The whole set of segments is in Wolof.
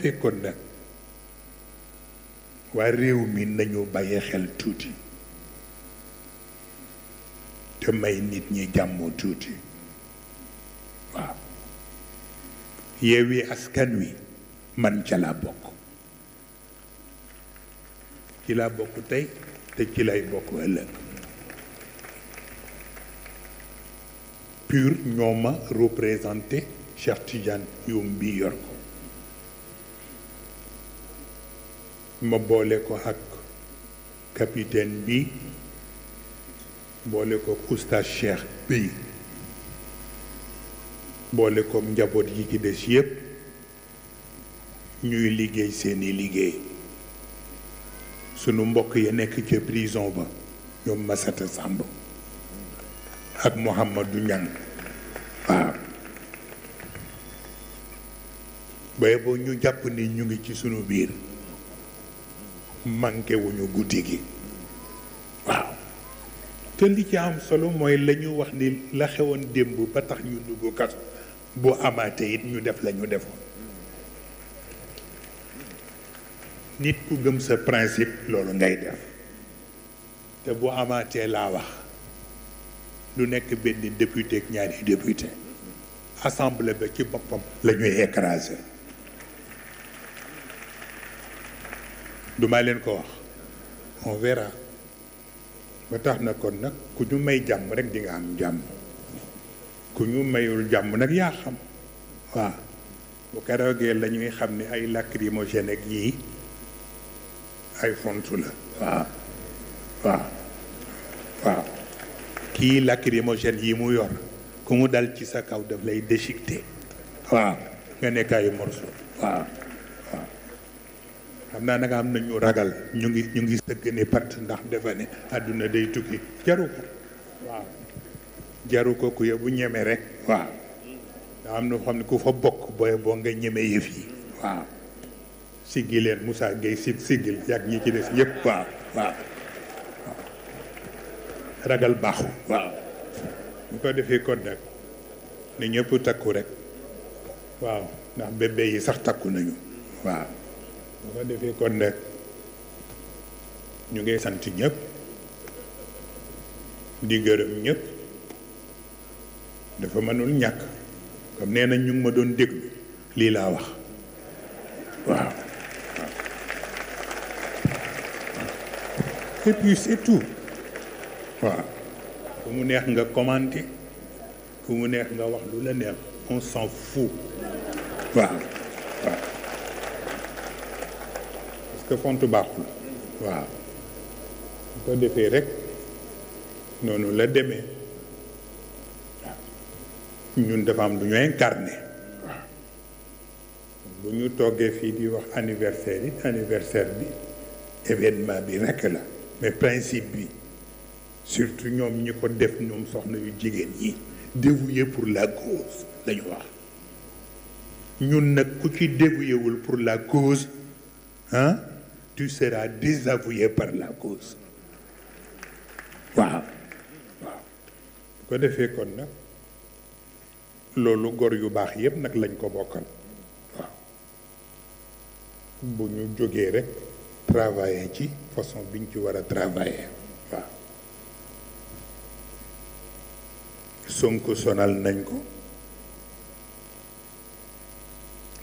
fekkoon nag waa réew mi nañu bàyyi xel tuuti te may nit ñi jàmmoo tuuti waaw Yewwi Wi man ca laa bokk bokk tey te bokk ëllëg pur représenté Cheikh Tidiane Youm ma boole ko ak capitaine bi boole ko oustaz Cheikh bi boole ko njaboot yi ci des yépp ñuy liggéey seeni liggéey sunu mbokk ya nekk ci prison ba ñoom Massata Samb ak Mouhamadou Niang waaw baye boo ñu jàpp ni ñu ngi ci sunu biir manqué wuñu guddi gi waaw te li ci am solo mooy la wax ni la xewoon démb ba tax ñu dugg kaso bu amaatee it ñu def la ñu defoon nit ku gëm sa principe loolu ngay def te bu amaatee laa wax du nekk benn député ak ñaari député assemblée ba ci boppam la ñuy écraser du leen ko wax on verra ba tax na kon nag ku ñu may jàmm rek di nga am jàmm ku ñu mayul jàmm nag yaa xam waaw bu keroogee la xam ni ay lacrymogène ak yii ay fontu la waaw waaw waaw kii lacrymogène yi mu yor ku mu dal ci sa kaw daf lay déchiqueté waaw nga nekk ay morceau waaw xam naa nag am nañu ragal ñu ngi ñu ngi sëgg ni pat ndax defa ne àdduna day tukki jaru ko jaru ko ku yow bu ñeme rek waaw daa am na xam ne ku fa bokk booy boo nga ñeme yëf yi waaw siggi leen Moussa Gueye si siggil yàgg ñi ci des yëpp waaw waaw ragal baaxu waaw bu ko defee kon nag ni takku rek waaw ndax bébé sax takku nañu waaw bu ko defee kon nag ñu ngi sant ñëpp di gërëm ñépp dafa mënul ñàkk comme nee nañ ñu ngi ma doon déglu lii laa wax waaw waaw ku mu neex nga commenter ku mu neex nga wax lu la neex on s'en fout waaw que fontu baax waaw bu ko defee rek noonu la demee waaw ñun dafa am lu ñu incarné waaw bu ñu toggee fii di wax anniversaire yi bi événement bi rekk la mais principe bi surtout ñoom ñi ko def ñoom soxna yu jigéen yi dévoué pour la cause lañu wax ñun nag ku ci dévouéwul pour la cause ah tu seras désavoué par la cause waaw bu ko defee kon nag loolu góor yu baax yépp nag lañ ko bokkal waaw bu ñu jógee rekk travailler ci façon biñ ci war a travailler waaw Sonko sonal nañ ko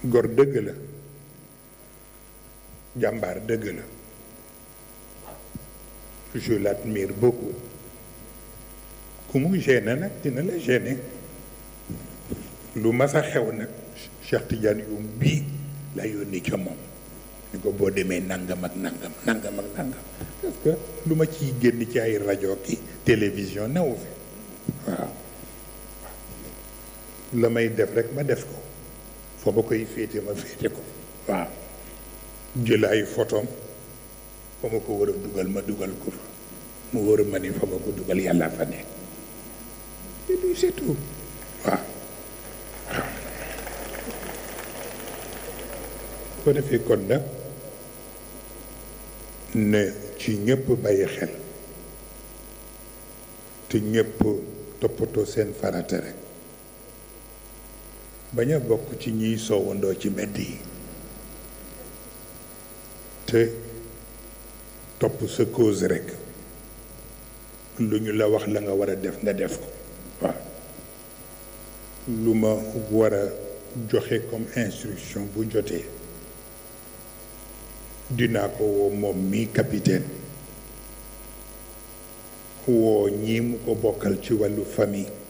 góor dëgg la jàmbar dëgg la je l'admire beaucoup ku mu gêné nag dina la gêné lu mas a xew nag Cheikh Tidiane yum bii la yónni ca moom ni ko boo demee nangam ak nangam nangam ak nangam parce lu ma ciy génn ci ay rajo ki télévision newu fi waaw la may def rek ma def ko foo ma koy féete ma féete ko waaw jël ay photom fa ma ko war dugal ma dugal ko fa mu war ma ni fa ma ko dugal yàlla fa nekk et puis c'est tout waaw defee kon nag ne ci ñëpp bàyyi xel te ñëpp toppatoo seen farata rek bañ a bokk ci ñuy soowandoo ci mbedd yi te topp sa cause rek lu ñu la wax la nga war a def nga def ko lu ma war a joxe comme instruction bu jotee dinaa ko woo moom mi capitaine woo ñii mu ko bokkal ci wàllu famille